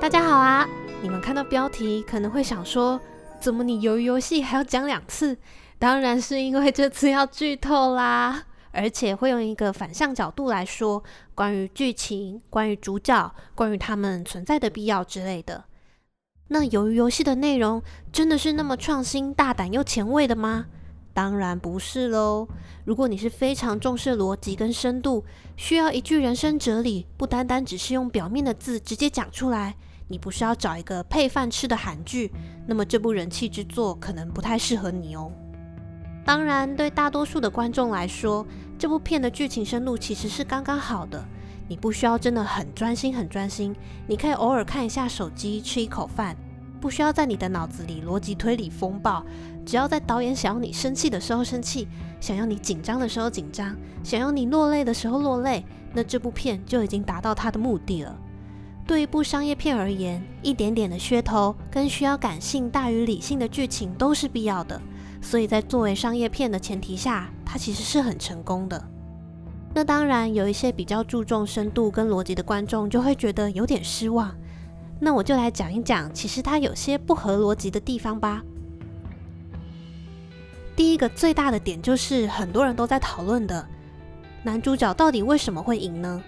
大家好啊！你們看到標題可能會想說，怎麼你魷魚遊戲還要講兩次？當然是因為這次要劇透啦，而且會用一個反向角度來說，關於劇情、關於主角、關於他們存在的必要之類的。那魷魚遊戲的內容真的是那麼創新、大膽又前衛的嗎？當然不是嘍。如果你是非常重視邏輯跟深度，需要一句人生哲理，不單單只是用表面的字直接講出來。你不需要找一個配飯吃的韓劇，那麼這部人氣之作可能不太適合你哦。當然，對大多數的觀眾來說，這部片的劇情深度其實是剛剛好的，你不需要真的很專心很專心，你可以偶爾看一下手機吃一口飯，不需要在你的腦子裡邏輯推理風暴，只要在導演想要你生氣的時候生氣，想要你緊張的時候緊張，想要你落淚的時候落淚，那這部片就已經達到它的目的了。對一部商業片而言，一點點的噱頭跟需要感性大於理性的劇情都是必要的，所以在作為商業片的前提下，它其實是很成功的。那當然，有一些比較注重深度跟邏輯的觀眾就會覺得有點失望。那我就來講一講，其實它有些不合邏輯的地方吧。第一個最大的點就是很多人都在討論的，男主角到底為什麼會贏呢？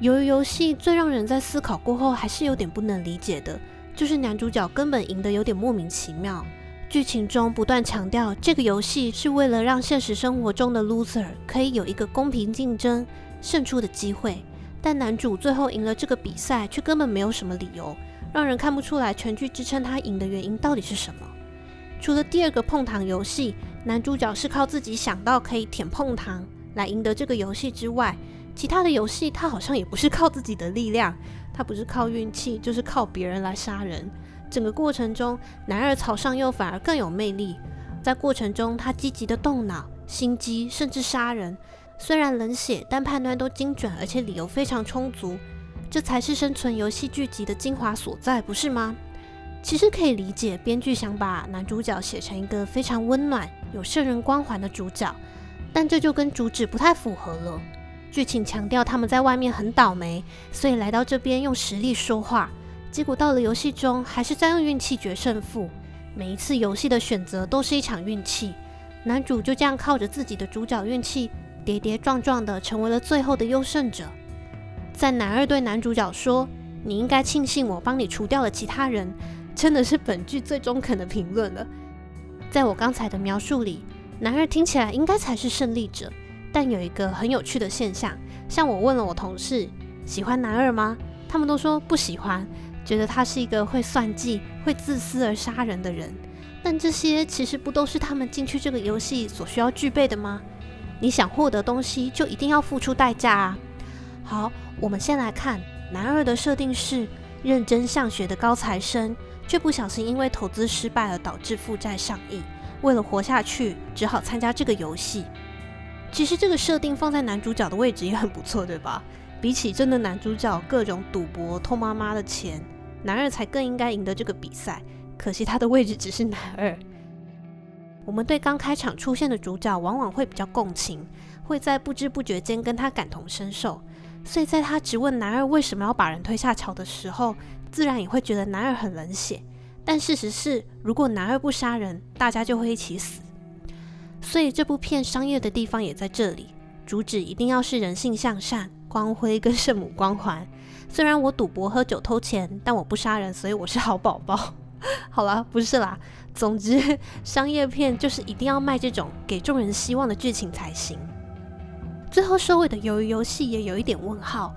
魷魚遊戲最讓人在思考過後還是有點不能理解的，就是男主角根本贏得有點莫名其妙。劇情中不斷強調這個遊戲是為了讓現實生活中的 loser 可以有一個公平競爭勝出的機會，但男主最後贏了這個比賽卻根本沒有什麼理由，讓人看不出來全劇支撐他贏的原因到底是什麼。除了第二個碰糖遊戲，男主角是靠自己想到可以舔碰糖來贏得這個遊戲之外。其他的遊戲，他好像也不是靠自己的力量，他不是靠運氣，就是靠別人來殺人。整個過程中，男二曹尚佑反而更有魅力。在過程中，他積極的動腦、心機，甚至殺人。雖然冷血，但判斷都精準，而且理由非常充足。這才是生存遊戲劇集的精華所在，不是嗎？其實可以理解，編劇想把男主角寫成一個非常溫暖、有聖人光環的主角，但這就跟主旨不太符合了。劇情強調他們在外面很倒霉，所以來到這邊用實力說話。結果到了遊戲中，還是在用運氣決勝負。每一次遊戲的選擇都是一場運氣。男主就這樣靠着自己的主角運氣，跌跌撞撞的成為了最後的優勝者。在男二對男主角說：“你應該慶幸我幫你除掉了其他人。”真的是本劇最中肯的評論了。在我剛才的描述裡，男二聽起來應該才是勝利者。但有一個很有趣的現象，像我問了我同事喜歡男二嗎？他們都說不喜歡，覺得他是一個會算計、會自私而殺人的人。但這些其實不都是他們進去這個遊戲所需要具備的嗎？你想獲得東西，就一定要付出代價啊！好，我們先來看男二的設定是認真上學的高材生，卻不小心因為投資失敗而導致負債上億，為了活下去，只好參加這個遊戲。其實這個設定放在男主角的位置也很不錯，對吧？比起真的男主角各種賭博、偷媽媽的錢，男二才更應該贏得這個比賽。可惜他的位置只是男二。 我們對剛開場出現的主角往往會比較共情，會在不知不覺間跟他感同身受。所以在他質問男二為什麼要把人推下橋的時候，自然也會覺得男二很冷血。但事實是，如果男二不殺人，大家就會一起死。所以這部片商業的地方也在這裡，主旨一定要是人性向善、光輝跟聖母光環。雖然我賭博、喝酒、偷錢，但我不殺人，所以我是好寶寶。 好了，不是啦。總之，商業片就是一定要賣這種給眾人希望的劇情才行。最後收尾的《魷魚遊戲》也有一點問號。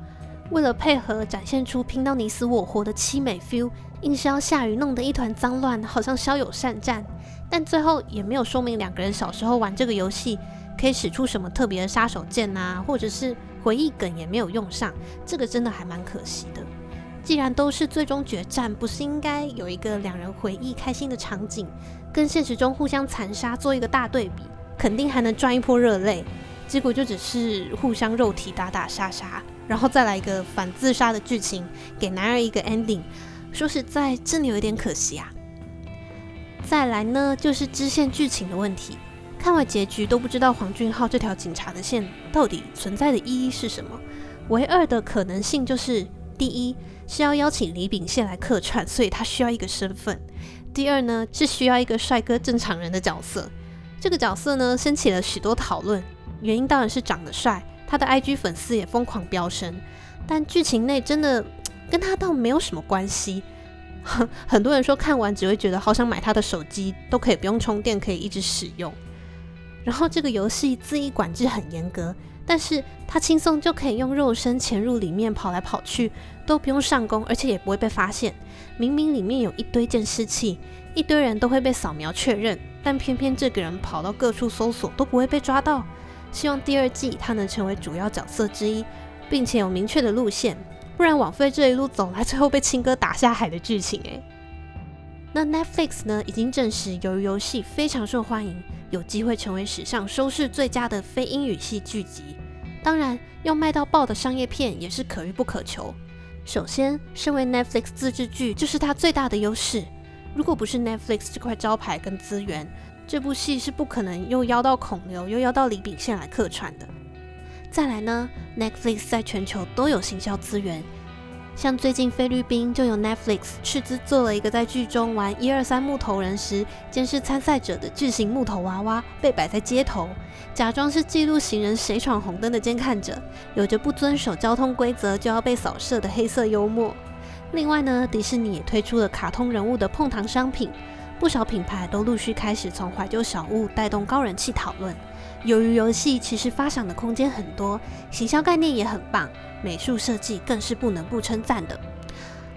為了配合展現出拼到你死我活的淒美 feel，硬是要下雨弄得一團髒亂，好像驍勇善戰，但最後也沒有說明兩個人小時候玩這個遊戲可以使出什麼特別的殺手鐧啊，或者是回憶梗也沒有用上，這個真的還蠻可惜的。既然都是最終決戰，不是應該有一個兩人回憶開心的場景，跟現實中互相殘殺做一個大對比，肯定還能賺一波熱淚。結果就只是互相肉體打打殺殺，然後再來一個反自殺的劇情，給男二一個 ending。說實在，真的有點可惜啊。再來呢，就是支線劇情的問題，看完結局都不知道黃俊浩這條警察的線到底存在的意義是什麼。唯二的可能性就是：第一是要邀請李秉憲來客串，所以他需要一個身份；第二呢是需要一個帥哥正常人的角色。這個角色呢，掀起了許多討論。原因當然是長得帥，他的 IG 粉絲也瘋狂飆升。但劇情內真的跟他倒沒有什麼關係。哼，很多人說看完只會覺得好想買他的手機，都可以不用充電，可以一直使用。然後這個遊戲自意管制很嚴格，但是他輕鬆就可以用肉身潛入裡面跑來跑去，都不用上工，而且也不會被發現。明明裡面有一堆監視器，一堆人都會被掃描確認，但偏偏這個人跑到各處搜索都不會被抓到。希望第二季它能成為主要角色之一，並且有明確的路線，不然枉費這一路走來，最後被親哥打下海的劇情哎、欸。那 Netflix 呢，已經證實，魷魚遊戲非常受歡迎，有機會成為史上收視最佳的非英語系劇集。當然，要賣到爆的商業片也是可遇不可求。首先，身為 Netflix 自製劇，就是它最大的優勢。如果不是 Netflix 這塊招牌跟資源，這部戲是不可能又邀到孔劉，又邀到李秉憲來客串的。再來呢，Netflix 在全球都有行銷資源，像最近菲律賓就有 Netflix 斥資做了一個在劇中玩一二三木頭人時監視參賽者的巨型木頭娃娃，被擺在街頭，假裝是記錄行人誰闖紅燈的監看者，有着不遵守交通規則就要被掃射的黑色幽默。另外呢，迪士尼也推出了卡通人物的碰糖商品。不少品牌都陸續開始從懷舊小物帶動高人氣討論。由於遊戲其實發展的空間很多，行銷概念也很棒，美術設計更是不能不稱讚的。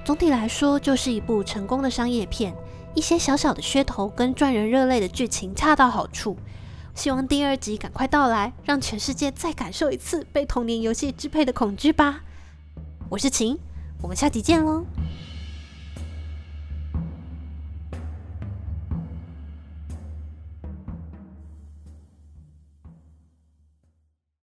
總體來說，就是一部成功的商業片。一些小小的噱頭跟賺人熱淚的劇情恰到好處。希望第二集趕快到來，讓全世界再感受一次被童年遊戲支配的恐懼吧。我是晴，我們下集見嘍。